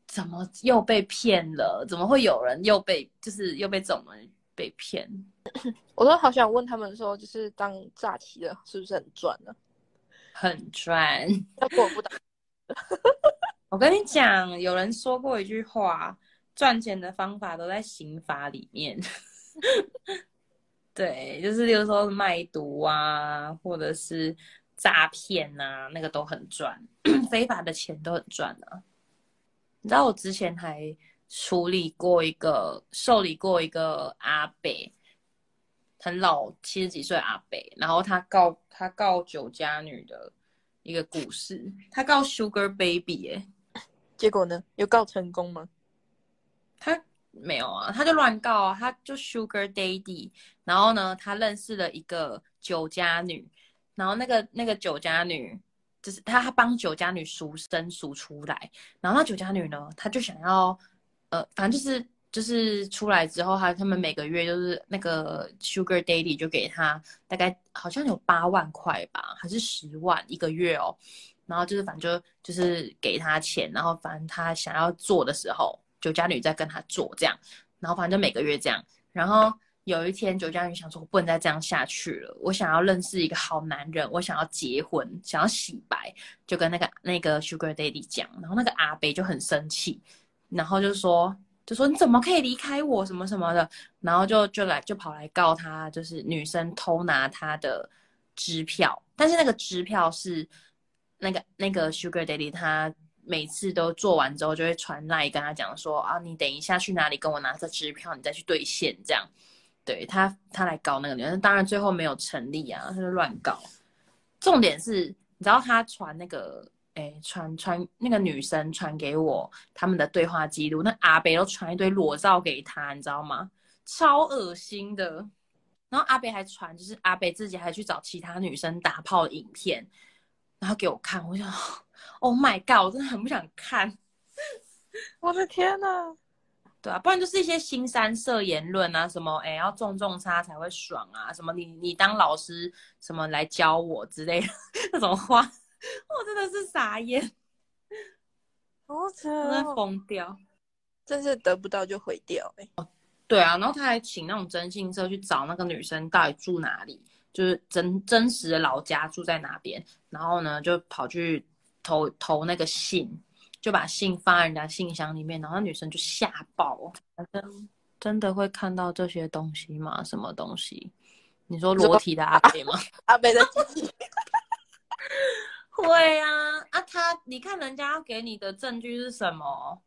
怎麼又被騙了？怎麼會有人又被就是又被怎麼被騙？我都好想問他們說，就是當詐欺的，是不是很賺呢、啊？很賺專。要不我不打。我跟你講，有人說過一句話，賺錢的方法都在刑法裡面。 對，就是例如說賣毒啊，或者是。詐騙啊，那個都很賺， 非法的錢都很賺的、啊。你知道我之前還處理過一個，受理過一個阿北，很老，七十幾歲阿北，然後他告他告酒家女的一個故事，他告 Sugar Baby，哎、欸，結果呢，有告成功嗎？他沒有啊，他就亂告啊，他就 Sugar Daddy，然後呢，他認識了一個酒家女。然後那個那個酒家女，就是他他幫酒家女贖身贖，贖出來，然後那酒家女呢，他就想要，呃，反正就是就是出來之後，他他們每個月就是那個 Sugar Daddy 就給他大概好像有八萬塊吧，還是十萬一個月哦，然後就是反正就就是給他錢，然後反正他想要做的時候，酒家女在跟他做這樣，然後反正就每個月這樣，然後。有一天，九江雨想說，我不能再這樣下去了。我想要認識一個好男人，我想要結婚，想要洗白，就跟那個那個 Sugar Daddy 講。然後那個阿北就很生氣，然後就說，就說你怎麼可以離開我什麼什麼的。然後就就來就跑來告他，就是女生偷拿他的支票。但是那個支票是那個那個 Sugar Daddy 他每次都做完之後就會傳賴跟他講說啊，你等一下去哪裡跟我拿着支票，你再去兌現這樣。對他，他來搞那個女生，但當然最後沒有成立啊，他就亂搞重點是，你知道他傳那個，哎，傳傳那個女生傳給我他們的對話記錄，那阿北都傳一堆裸照給他，你知道嗎？超噁心的。然後阿北還傳，就是阿北自己還去找其他女生打炮影片，然後給我看，我想，Oh my god，我真的很不想看， 我的天哪！對啊，不然就是一些新三色言論啊，什麼哎、欸、要重重差才會爽啊，什麼你你當老師什麼來教我之類的那種話，我、哦、真的是傻眼，好扯，我真的瘋掉，真是得不到就毀掉哎、欸。對啊，然後他還請那種徵信社去找那個女生到底住哪裡，就是真真實的老家住在哪邊，然後呢就跑去投投那個信。就把信發人家信箱裡面，然後女生就嚇爆。男生真的會看到這些東西嗎？什麼東西？你說裸體的阿伯嗎？阿伯的？ 會啊啊！他，你看人家要給你的證據是什麼？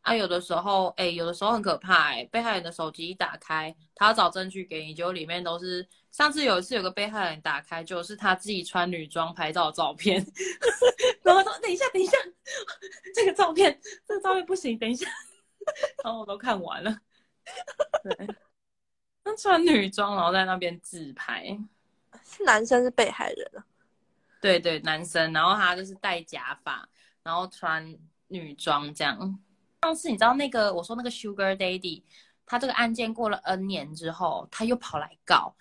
啊，有的時候，哎、欸，有的時候很可怕、欸。被害人的手機一打開，他要找證據給你，結果裡面都是。上次有一次，有個被害人打開，就是他自己穿女裝拍照的照片， 然後說：“等一下，等一下，這個照片，這個照片不行，等一下。 ”然後我都看完了，對，那穿女裝，然後在那邊自拍，是男生是被害人啊？對對，男生，然後他就是戴假髮，然後穿女裝這樣。上次你知道那個我說那個 Sugar Daddy，他這個案件過了 N 年之後，他又跑來告。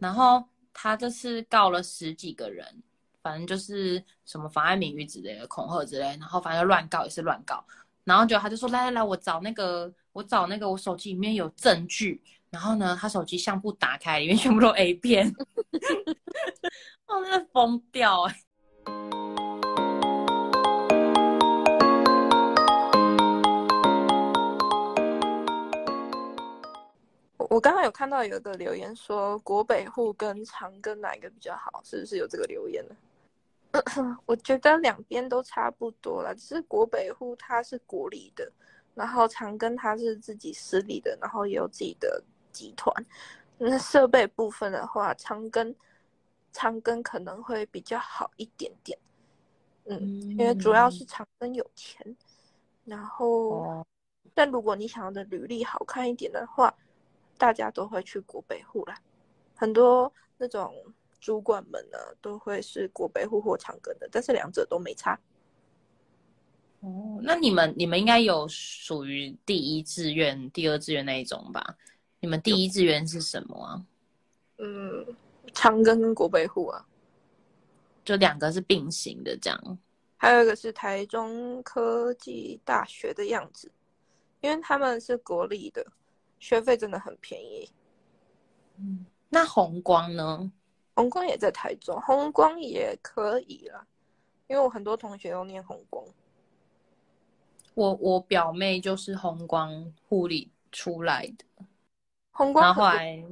然後他就是告了十幾個人，反正就是什麼妨礙名譽之類的、恐嚇之類的，然後反正就亂告也是亂告。然後就他就說：“來來來，我找那個，我找那個，我手機裡面有證據。”然後呢，他手機相簿打開，裡面全部都 A 片， 哦，真的瘋掉哎！我剛剛有看到有一個留言說，國北護跟長庚哪一個比較好？是不是有這個留言呢？ 我覺得兩邊都差不多啦，只是國北護它是國立的，然後長庚它是自己私立的，然後也有自己的集團。那、嗯、設備部分的話，長庚長庚可能會比較好一點點，嗯，因為主要是長庚有錢。然後，但如果你想要的履歷好看一點的話，大家都會去國北護啦，很多那種主管們呢、啊，都會是國北護或長庚的，但是兩者都沒差。哦，那你們你們應該有屬於第一志願、第二志願那一種吧？你們第一志願是什麼啊？嗯，長庚跟國北護啊，就兩個是並行的這樣。還有一個是台中科技大學的樣子，因為他們是國立的。學費真的很便宜，那弘光呢？弘光也在台中，弘光也可以啦，因為我很多同學都念弘光，我我表妹就是弘光護理出來的，弘光後，後來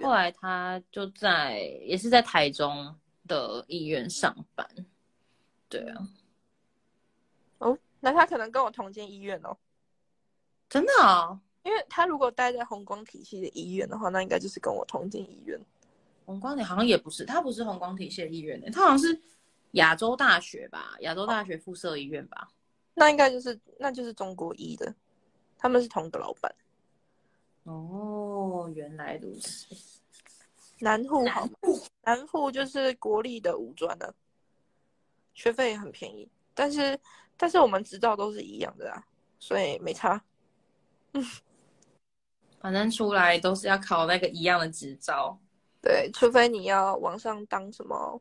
後來她就在也是在台中的醫院上班，對啊，哦，那她可能跟我同間醫院哦，喔，真的啊，喔。因為他如果待在弘光體系的醫院的話，那應該就是跟我同進醫院。弘光，體好像也不是，他不是弘光體系的醫院的、欸、他好像是亞洲大學吧，亞洲大學附設醫院吧。那應該就是，那就是中國醫的，他們是同個老板。哦，原來如此。南護好，南護戶就是國立的五專的、啊，學費也很便宜，但是但是我們執照都是一樣的啊，所以沒差。嗯。反正出來都是要考那個一樣的執照，對，除非你要往上當什麼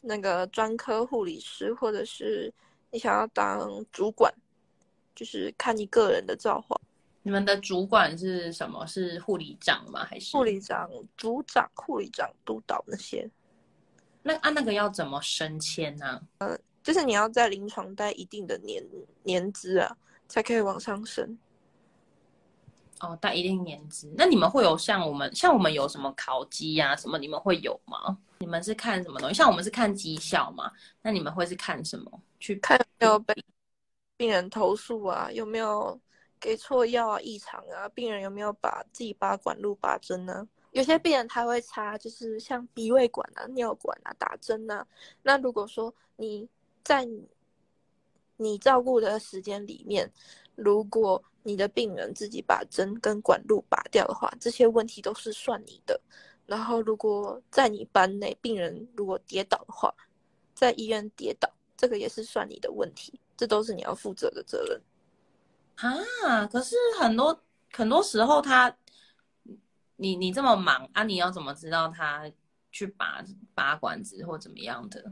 那個專科護理師，或者是你想要當主管，就是看你個人的造化。你們的主管是什麼？是護理長嗎？還是護理長、組長、護理長、督導那些？那按、啊、那個要怎麼升遷呢、啊？呃，就是你要在臨床待一定的年年資啊，才可以往上升。哦，大一定年。值。那你們會有像我們像我們有什麼考績呀什麼？你們會有嗎？你們是看什麼東西？像我們是看績效嘛？那你們會是看什麼？去看有沒有被病人投訴啊？有沒有給錯藥啊？異常啊？病人有沒有把自己拔管路、拔針呢啊？有些病人他會插，就是像鼻胃管啊、尿管啊、打針啊。那如果說你在你照顧的時間裡面，如果你的病人自己把針跟管路拔掉的話，這些問題都是算你的。然後，如果在你班內病人如果跌倒的話，在醫院跌倒，這個也是算你的問題，這都是你要負責的責任。啊，可是很多很多時候，他，你你這麼忙啊，你要怎麼知道他去拔拔管子或怎麼樣的？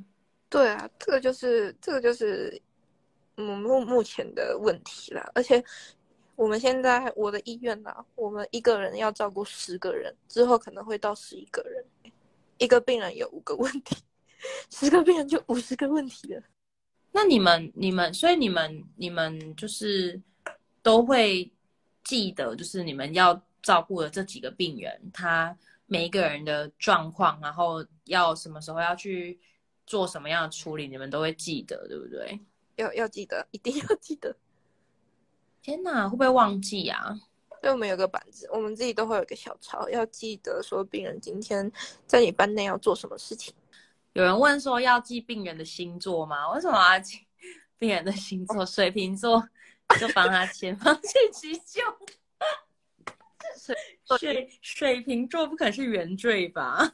對啊，這個就是這個就是。嗯，目目前的問題啦，而且我們現在我的醫院啦，我們一個人要照顧十個人，之後可能會到十一個人，一個病人有五個問題，十個病人就五十個問題了。那你們，你們，所以你們，你們就是都會記得，就是你們要照顧的這幾個病人，他每一個人的狀況，然後要什麼時候要去做什麼樣的處理，你們都會記得，對不對？要要記得，一定要記得！天哪，會不會忘記啊？對我們有個板子，我們自己都會有個小抄，要記得說病人今天在你班內要做什麼事情。有人問說要記病人的星座嗎？為什麼要記病人的星座？哦，水瓶座就幫他前方進去急救。 水水水瓶座不可能是原罪吧？